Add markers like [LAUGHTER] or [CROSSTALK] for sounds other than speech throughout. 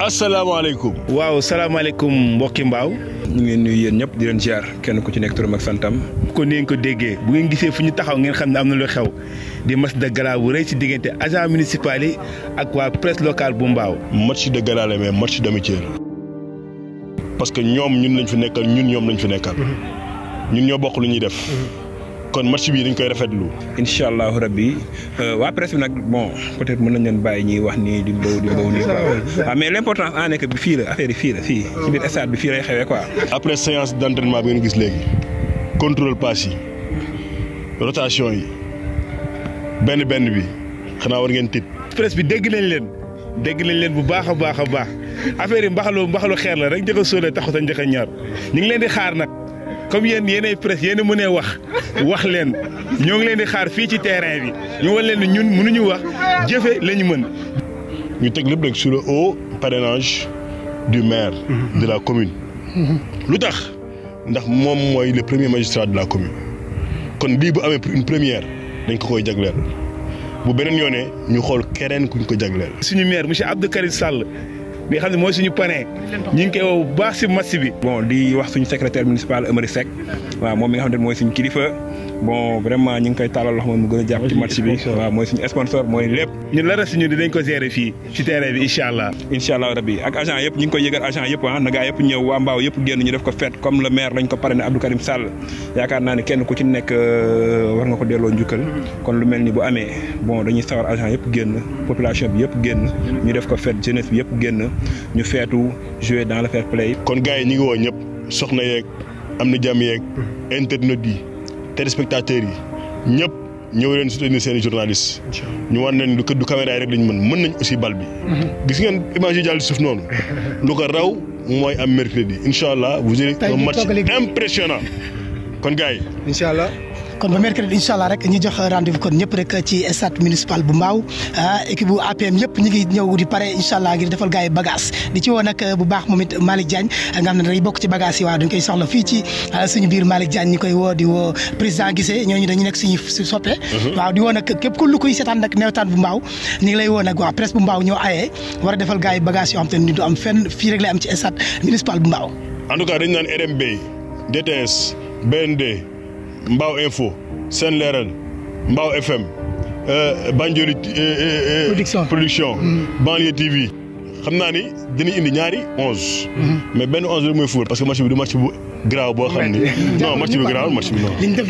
asalaamaaleykum. waaw salaamaaleykum mbokki mbaaw. ñu ngi nuyu yéen ñëpp di leen ziar kenn ku ci nekk turam ak santam. kon ni ngeen ko déggee bu ngeen gisee fu ñu taxaw ngeen xam ne am na lu xew di match de gala bu rëy ci diggante agent municipal yi ak waa presse locale bu mbaaw. match de gala la mais match d'amitié parce que ñoom ñun lañ fi nekkal ñun ñoom lañ fi nekkal. Mhm. ñun ñoo bokk lu ñuy def. Mhm. kon match bii dañ koy rafetlu. incha allahu rabbi euh, waa presse nag bon peut être mën nañ leen bàyyi ñuy wax nii di mbaw di mbaw nii quoi ah, mais l' importance ah, bi fii la affaire yi fii la fii ci biir stade bi fii lay xewee quoi. après séance d' entraînement bi ngeen gis léegi contrôle passe yi rotation yi benn benn bi xanaa war ngeen tiit. presse bi dégg nañ leen dégg lañ leen bu baax a baax a baax affaire yi mbaxalu mbaxalu xeer la rek njëkk a sóole taxut a njëkk a ñaar ñu ngi leen di xaar nag. comme yéen yéenay presse yéen a mënee wax wax leen ñoo ngi leen di xaar fii ci terrain bi ñu wan leen ne ñun mënuñu wax jëfe la ñu mën. ñu teg lépp rek sur le haut parrainage du maire. de la commune. lu tax ndax moom mooy le premier magistrat de la commune kon lii bu amee une première dañ ko koy jagleel bu beneen yoonee ñu xool keneen kuñ ko jagleel. suñu maire monsieur Abdou Karim Sall. bi xamni moy suñu pané ñi ngi koy woo baax ci match bi bon di wax suñu secrétaire municipal Emery Seck wa moom mi nga xamante moy suñu kilifa bon vraiment ñi ngi koy talal wax loxo mu gëna japp ci match bi wa moy suñu sponsor moy lepp ñu la suñu dañ ko gérer fi ci terrain bi inshallah inshallah rabbi ak agent yépp ñi ngi koy yëgal agent yépp ah na gaa yëpp ñëw waa mbaaw yépp genn ñu def ko fête comme le maire lañ ko parrainé Abdou Karim Sall yaakaar naa ne kenn ku ci nekk euh, war nga ko délo njukkal kon lu melni bu amé bon dañuy sawar agent yépp genn population bi yépp genn ñu def ko fête jeunesse bi yépp genn tout, tout jouer dans le fair play. quand gars yi ngi ñëpp soxna internautes les téléspectateurs yi ñëpp ñëw leen soutenir wan leen du du caméra yi rek aussi balbi bi. Mhm. gis ngeen image yi mercredi Inch'Allah, vous avez un match impressionnant kon kon ba mercredi incha rek ñu jox rendez-vous kon ñëpp rek ci stade municipal bu Mbao ah, équipe bu APM ñëpp ñu ngi ñëw di pare incha allah ngir defal gars yi bagage di ci woo nag eh, bu baax moom it Malick Diagne eh, nga xam ne bokk ci bagage yi waaw dañ koy soxla fii ci eh, suñu biir Malick Diagne ñu koy woo di woo président Guissé ñooñu dañu nekk suñu su soppe mhm. waaw di woo nag képp ku lu koy seetaan nag newetaan bu Mbao ñu ngi lay woo nag waaw presse bu Mbao ñoo ayee war a defal gars yi yoo xam te ni du am fenn fii rek lay am ci stade municipal bu Mbao en tout RMB DTS Mbao Info Sen Leral Mbao FM euh, euh, euh, production mm-hmm. Banlieue TV mm-hmm. xam ni mais ben onze moins parce que match du match grave non eh, match eh, grave, [LAUGHS] match non liñ def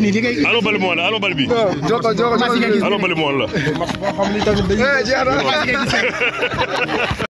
allons la